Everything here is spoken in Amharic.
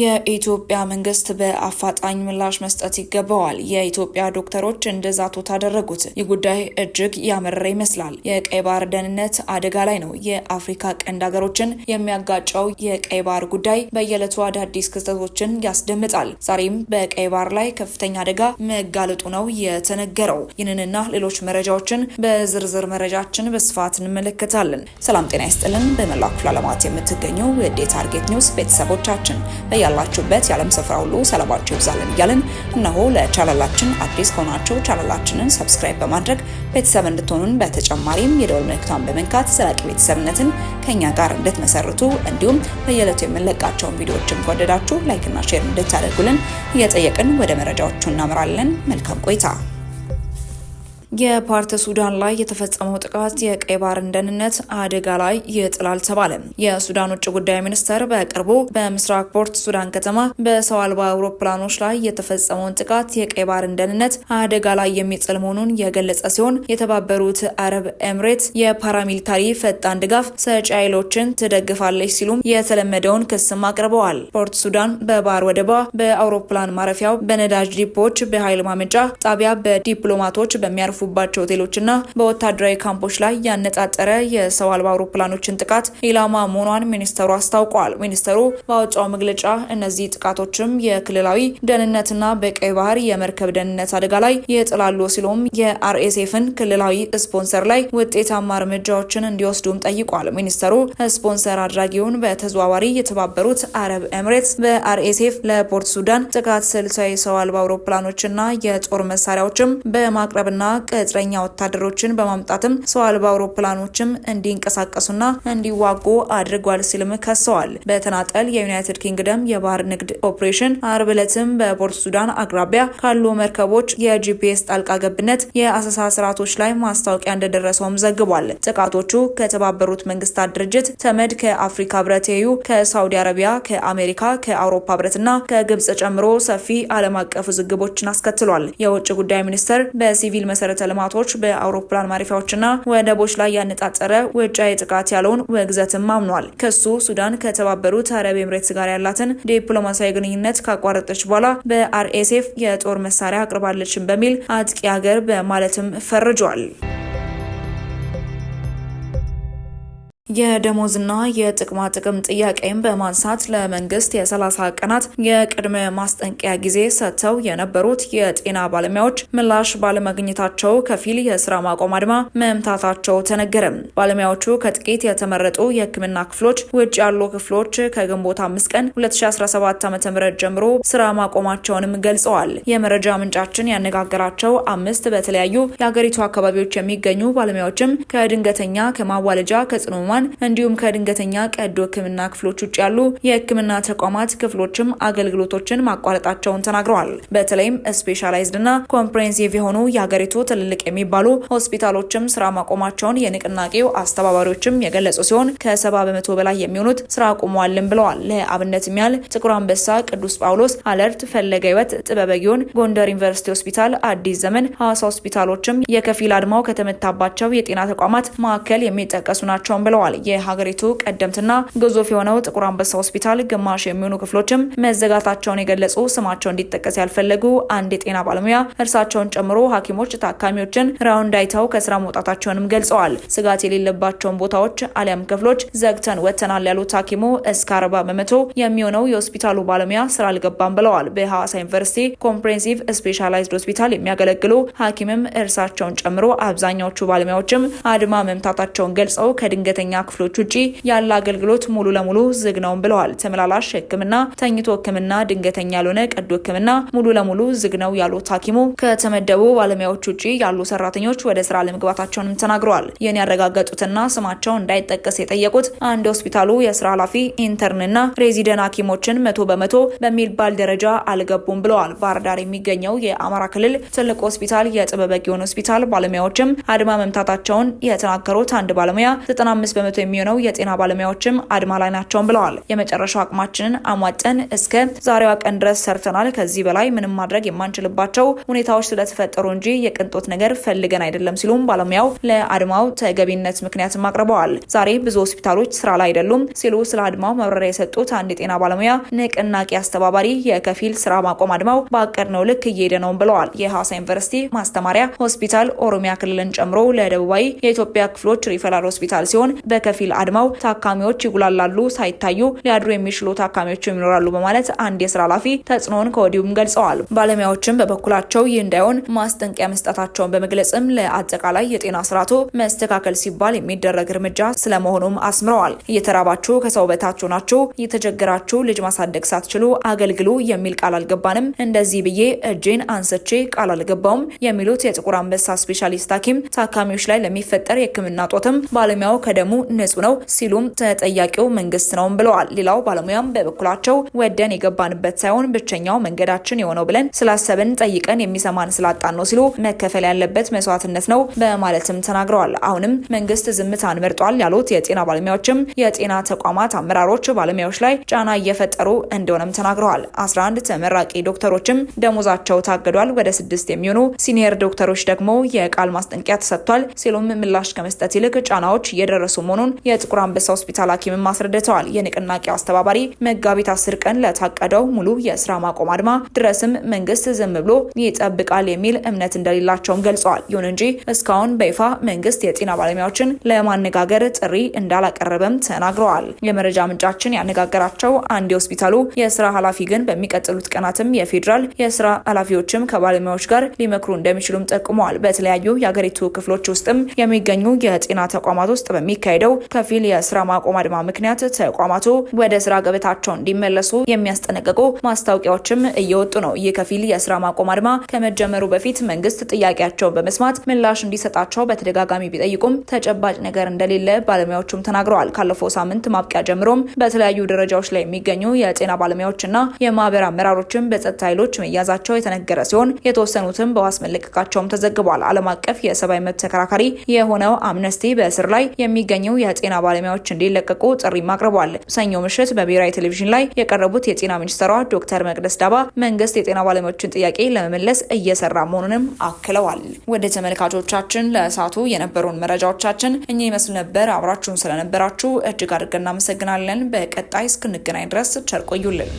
የኢትዮጵያ መንግስት በአፋጣኝ ምላሽ መስጠት ይገባዋል። የኢትዮጵያ ዶክተሮች እንደዛቶት አደረጉት። ይህ ጉዳይ እጅግ ያመረረ ይመስላል። የቀይ ባህር ደህንነት አደጋ ላይ ነው። የአፍሪካ ቀንድ ሀገሮችን የሚያጋጨው የቀይ ባህር ጉዳይ በየዕለቱ አዳዲስ ክስተቶችን ያስደምጣል። ዛሬም በቀይ ባህር ላይ ከፍተኛ አደጋ መጋለጡ ነው የተነገረው። ይህንንና ሌሎች መረጃዎችን በዝርዝር መረጃችን በስፋት እንመለከታለን። ሰላም ጤና ይስጥልን። በመላው ክፍለ ዓለማት የምትገኙ የዴ ታርጌት ኒውስ ቤተሰቦቻችን በያላችሁበት የዓለም ስፍራ ሁሉ ሰላማችሁ ይብዛልን እያልን እነሆ ለቻናላችን አዲስ ከሆናችሁ ቻናላችንን ሰብስክራይብ በማድረግ ቤተሰብ እንድትሆኑን በተጨማሪም የደወል ምልክቷን በመንካት ዘላቂ ቤተሰብነትን ከእኛ ጋር እንድትመሰርቱ እንዲሁም በየዕለቱ የምንለቃቸውን ቪዲዮዎችን ከወደዳችሁ ላይክና ሼር እንድታደርጉልን እየጠየቅን ወደ መረጃዎቹ እናምራለን። መልካም ቆይታ የፓርተ ሱዳን ላይ የተፈጸመው ጥቃት የቀይ ባህርን ደህንነት አደጋ ላይ ይጥላል ተባለ። የሱዳን ውጭ ጉዳይ ሚኒስተር በቅርቡ በምስራቅ ፖርት ሱዳን ከተማ በሰው አልባ አውሮፕላኖች ላይ የተፈጸመውን ጥቃት የቀይ ባህርን ደህንነት አደጋ ላይ የሚጥል መሆኑን የገለጸ ሲሆን የተባበሩት አረብ ኤምሬት የፓራሚሊታሪ ፈጣን ድጋፍ ሰጪ ኃይሎችን ትደግፋለች ሲሉም የተለመደውን ክስም አቅርበዋል። ፖርት ሱዳን በባህር ወደቧ፣ በአውሮፕላን ማረፊያው፣ በነዳጅ ዲፖዎች፣ በኃይል ማመንጫ ጣቢያ፣ በዲፕሎማቶች በሚያርፉ በተጠለፉባቸው ሆቴሎችና በወታደራዊ ካምፖች ላይ ያነጣጠረ የሰው አልባ አውሮፕላኖችን ጥቃት ኢላማ መሆኗን ሚኒስተሩ አስታውቋል። ሚኒስተሩ ባወጣው መግለጫ እነዚህ ጥቃቶችም የክልላዊ ደህንነትና በቀይ ባህር የመርከብ ደህንነት አደጋ ላይ ይጥላሉ ሲሉም የአርኤስኤፍን ክልላዊ ስፖንሰር ላይ ውጤታማ እርምጃዎችን እንዲወስዱም ጠይቋል። ሚኒስተሩ ስፖንሰር አድራጊውን በተዘዋዋሪ የተባበሩት አረብ ኤምሬትስ በአርኤስኤፍ ለፖርት ሱዳን ጥቃት ስልሳዊ ሰው አልባ አውሮፕላኖችና የጦር መሳሪያዎችም በማቅረብና ቅጥረኛ ወታደሮችን በማምጣትም ሰው አልባ አውሮፕላኖችም እንዲንቀሳቀሱና እንዲዋጉ አድርጓል ሲልም ከሰዋል። በተናጠል የዩናይትድ ኪንግደም የባህር ንግድ ኦፕሬሽን አርብ ዕለትም በፖርት ሱዳን አቅራቢያ ካሉ መርከቦች የጂፒኤስ ጣልቃ ገብነት የአሰሳ ስርዓቶች ላይ ማስታወቂያ እንደደረሰውም ዘግቧል። ጥቃቶቹ ከተባበሩት መንግስታት ድርጅት፣ ተመድ፣ ከአፍሪካ ህብረት፣ ዩ ከሳውዲ አረቢያ፣ ከአሜሪካ፣ ከአውሮፓ ህብረትና ከግብጽ ጨምሮ ሰፊ ዓለም አቀፍ ውዝግቦችን አስከትሏል። የውጭ ጉዳይ ሚኒስቴር በሲቪል መሰረት መሰረተ ልማቶች በአውሮፕላን ማረፊያዎችና ወደቦች ላይ ያነጣጠረ ውጫዊ ጥቃት ያለውን ውግዘትም አምኗል። ከሱ ሱዳን ከተባበሩት አረብ ኤምሬትስ ጋር ያላትን ዲፕሎማሲያዊ ግንኙነት ካቋረጠች በኋላ በአርኤስኤፍ የጦር መሳሪያ አቅርባለችን በሚል አጥቂ ሀገር በማለትም ፈርጇል። የደሞዝና የጥቅማ ጥቅም ጥያቄን በማንሳት ለመንግስት የ30 ቀናት የቅድመ ማስጠንቀቂያ ጊዜ ሰጥተው የነበሩት የጤና ባለሙያዎች ምላሽ ባለማግኘታቸው ከፊል የስራ ማቆም አድማ መምታታቸው ተነገረ። ባለሙያዎቹ ከጥቂት የተመረጡ የሕክምና ክፍሎች ውጭ ያሉ ክፍሎች ከግንቦት 5 ቀን 2017 ዓ.ም ጀምሮ ስራ ማቆማቸውንም ገልጸዋል። የመረጃ ምንጫችን ያነጋገራቸው አምስት በተለያዩ የአገሪቱ አካባቢዎች የሚገኙ ባለሙያዎችም ከድንገተኛ ከማዋለጃ ከጽኑማ። መሆኗን እንዲሁም ከድንገተኛ ቀዶ ህክምና ክፍሎች ውጭ ያሉ የህክምና ተቋማት ክፍሎችም አገልግሎቶችን ማቋረጣቸውን ተናግረዋል። በተለይም ስፔሻላይዝድ እና ኮምፕሬንሲቭ የሆኑ የሀገሪቱ ትልልቅ የሚባሉ ሆስፒታሎችም ስራ ማቆማቸውን የንቅናቄው አስተባባሪዎችም የገለጹ ሲሆን ከሰባ በመቶ በላይ የሚሆኑት ስራ አቁመዋልም ብለዋል። ለአብነት ያህል ጥቁር አንበሳ፣ ቅዱስ ጳውሎስ፣ አለርት፣ ፈለገ ህይወት፣ ጥበበ ግዮን፣ ጎንደር ዩኒቨርሲቲ ሆስፒታል፣ አዲስ ዘመን፣ ሐዋሳ ሆስፒታሎችም የከፊል አድማው ከተመታባቸው የጤና ተቋማት መካከል የሚጠቀሱ ናቸውም ብለዋል። ተናግረዋል። የሀገሪቱ ቀደምትና ግዙፍ የሆነው ጥቁር አንበሳ ሆስፒታል ግማሽ የሚሆኑ ክፍሎችም መዘጋታቸውን የገለጹ ስማቸው እንዲጠቀስ ያልፈለጉ አንድ የጤና ባለሙያ እርሳቸውን ጨምሮ ሐኪሞች ታካሚዎችን ራውንድ አይተው ከስራ መውጣታቸውንም ገልጸዋል። ስጋት የሌለባቸውን ቦታዎች አሊያም ክፍሎች ዘግተን ወጥተናል ያሉት ሐኪሙ እስከ አርባ በመቶ የሚሆነው የሆስፒታሉ ባለሙያ ስራ አልገባም ብለዋል። በሐዋሳ ዩኒቨርሲቲ ኮምፕሬሄንሲቭ ስፔሻላይዝድ ሆስፒታል የሚያገለግሉ ሐኪምም እርሳቸውን ጨምሮ አብዛኛዎቹ ባለሙያዎችም አድማ መምታታቸውን ገልጸው ከድንገተኛ ክፍሎች ውጪ ያለ አገልግሎት ሙሉ ለሙሉ ዝግ ነውም ብለዋል። ተመላላሽ ህክምና፣ ተኝቶ ህክምና ድንገተኛ ያልሆነ ቀዶ ሕክምና ሙሉ ለሙሉ ዝግ ነው ያሉት ሐኪሙ ከተመደቡ ባለሙያዎች ውጪ ያሉ ሰራተኞች ወደ ስራ ለመግባታቸውንም ተናግረዋል። ይህን ያረጋገጡትና ስማቸው እንዳይጠቀስ የጠየቁት አንድ ሆስፒታሉ የስራ ኃላፊ ኢንተርንና ሬዚደንት ሐኪሞችን መቶ በመቶ በሚባል ደረጃ አልገቡም ብለዋል። ባህር ዳር የሚገኘው የአማራ ክልል ትልቅ ሆስፒታል የጥበበ ግዮን ሆስፒታል ባለሙያዎችም አድማ መምታታቸውን የተናገሩት አንድ ባለሙያ 95 በመቶ የሚሆነው የጤና ባለሙያዎችም አድማ ላይ ናቸውም ብለዋል። የመጨረሻው አቅማችንን አሟጠን እስከ ዛሬዋ ቀን ድረስ ሰርተናል። ከዚህ በላይ ምንም ማድረግ የማንችልባቸው ሁኔታዎች ስለተፈጠሩ እንጂ የቅንጦት ነገር ፈልገን አይደለም ሲሉም ባለሙያው ለአድማው ተገቢነት ምክንያትም አቅርበዋል። ዛሬ ብዙ ሆስፒታሎች ስራ ላይ አይደሉም ሲሉ ስለ አድማው መብረሪያ የሰጡት አንድ የጤና ባለሙያ ንቅናቄ አስተባባሪ የከፊል ስራ ማቆም አድማው በአቀድነው ልክ እየሄደ ነው ብለዋል። የሐዋሳ ዩኒቨርሲቲ ማስተማሪያ ሆስፒታል ኦሮሚያ ክልልን ጨምሮ ለደቡባዊ የኢትዮጵያ ክፍሎች ሪፈራል ሆስፒታል ሲሆን በከፊል አድማው ታካሚዎች ይጉላላሉ፣ ሳይታዩ ሊያድሩ የሚችሉ ታካሚዎችም ይኖራሉ በማለት አንድ የስራ ኃላፊ ተጽዕኖውን ከወዲሁም ገልጸዋል። ባለሙያዎችም በበኩላቸው ይህ እንዳይሆን ማስጠንቀቂያ መስጠታቸውን በመግለጽም ለአጠቃላይ የጤና ስርዓቱ መስተካከል ሲባል የሚደረግ እርምጃ ስለመሆኑም አስምረዋል። እየተራባችሁ ከሰው በታችሁ ናችሁ፣ እየተቸገራችሁ ልጅ ማሳደግ ሳትችሉ አገልግሉ የሚል ቃል አልገባንም፣ እንደዚህ ብዬ እጄን አንስቼ ቃል አልገባውም የሚሉት የጥቁር አንበሳ ስፔሻሊስት ሐኪም ታካሚዎች ላይ ለሚፈጠር የህክምና ጦትም ባለሙያው ከደሙ ንጹህ ነው ሲሉም ተጠያቂው መንግስት ነውም ብለዋል። ሌላው ባለሙያም በበኩላቸው ወደን የገባንበት ሳይሆን ብቸኛው መንገዳችን የሆነው ብለን ስላሰብን ጠይቀን የሚሰማን ስላጣን ነው ሲሉ መከፈል ያለበት መስዋዕትነት ነው በማለትም ተናግረዋል። አሁንም መንግስት ዝምታን መርጧል ያሉት የጤና ባለሙያዎችም የጤና ተቋማት አመራሮች ባለሙያዎች ላይ ጫና እየፈጠሩ እንደሆነም ተናግረዋል። 11 ተመራቂ ዶክተሮችም ደሞዛቸው ታግዷል። ወደ ስድስት የሚሆኑ ሲኒየር ዶክተሮች ደግሞ የቃል ማስጠንቀቂያ ተሰጥቷል ሲሉም ምላሽ ከመስጠት ይልቅ ጫናዎች እየደረሱ መሆኑ መሆኑን የጥቁር አንበሳ ሆስፒታል ሐኪምም አስረድተዋል። የንቅናቄው አስተባባሪ መጋቢት አስር ቀን ለታቀደው ሙሉ የስራ ማቆም አድማ ድረስም መንግስት ዝም ብሎ ይጠብቃል የሚል እምነት እንደሌላቸውም ገልጸዋል። ይሁን እንጂ እስካሁን በይፋ መንግስት የጤና ባለሙያዎችን ለማነጋገር ጥሪ እንዳላቀረበም ተናግረዋል። የመረጃ ምንጫችን ያነጋገራቸው አንድ የሆስፒታሉ የስራ ኃላፊ ግን በሚቀጥሉት ቀናትም የፌዴራል የስራ ኃላፊዎችም ከባለሙያዎች ጋር ሊመክሩ እንደሚችሉም ጠቁመዋል። በተለያዩ የአገሪቱ ክፍሎች ውስጥም የሚገኙ የጤና ተቋማት ውስጥ በሚካሄደው ባለው ከፊል የስራ ማቆም አድማ ምክንያት ተቋማቱ ወደ ስራ ገበታቸው እንዲመለሱ የሚያስጠነቅቁ ማስታወቂያዎችም እየወጡ ነው። ይህ ከፊል የስራ ማቆም አድማ ከመጀመሩ በፊት መንግስት ጥያቄያቸውን በመስማት ምላሽ እንዲሰጣቸው በተደጋጋሚ ቢጠይቁም ተጨባጭ ነገር እንደሌለ ባለሙያዎቹም ተናግረዋል። ካለፈው ሳምንት ማብቂያ ጀምሮም በተለያዩ ደረጃዎች ላይ የሚገኙ የጤና ባለሙያዎችና የማህበር አመራሮችም በጸጥታ ኃይሎች መያዛቸው የተነገረ ሲሆን የተወሰኑትም በዋስ መለቀቃቸውም ተዘግቧል። ዓለም አቀፍ የሰብአዊ መብት ተከራካሪ የሆነው አምነስቲ በእስር ላይ የሚገኘው የጤና ባለሙያዎች እንዲለቀቁ ጥሪም አቅርቧል። ሰኞ ምሽት በብሔራዊ ቴሌቪዥን ላይ የቀረቡት የጤና ሚኒስትሯ ዶክተር መቅደስ ዳባ መንግስት የጤና ባለሙያዎችን ጥያቄ ለመመለስ እየሰራ መሆኑንም አክለዋል። ወደ ተመልካቾቻችን ለእሳቱ የነበሩን መረጃዎቻችን እኛ ይመስል ነበር። አብራችሁን ስለነበራችሁ እጅግ አድርገን እናመሰግናለን። በቀጣይ እስክንገናኝ ድረስ ቸር ቆዩልን።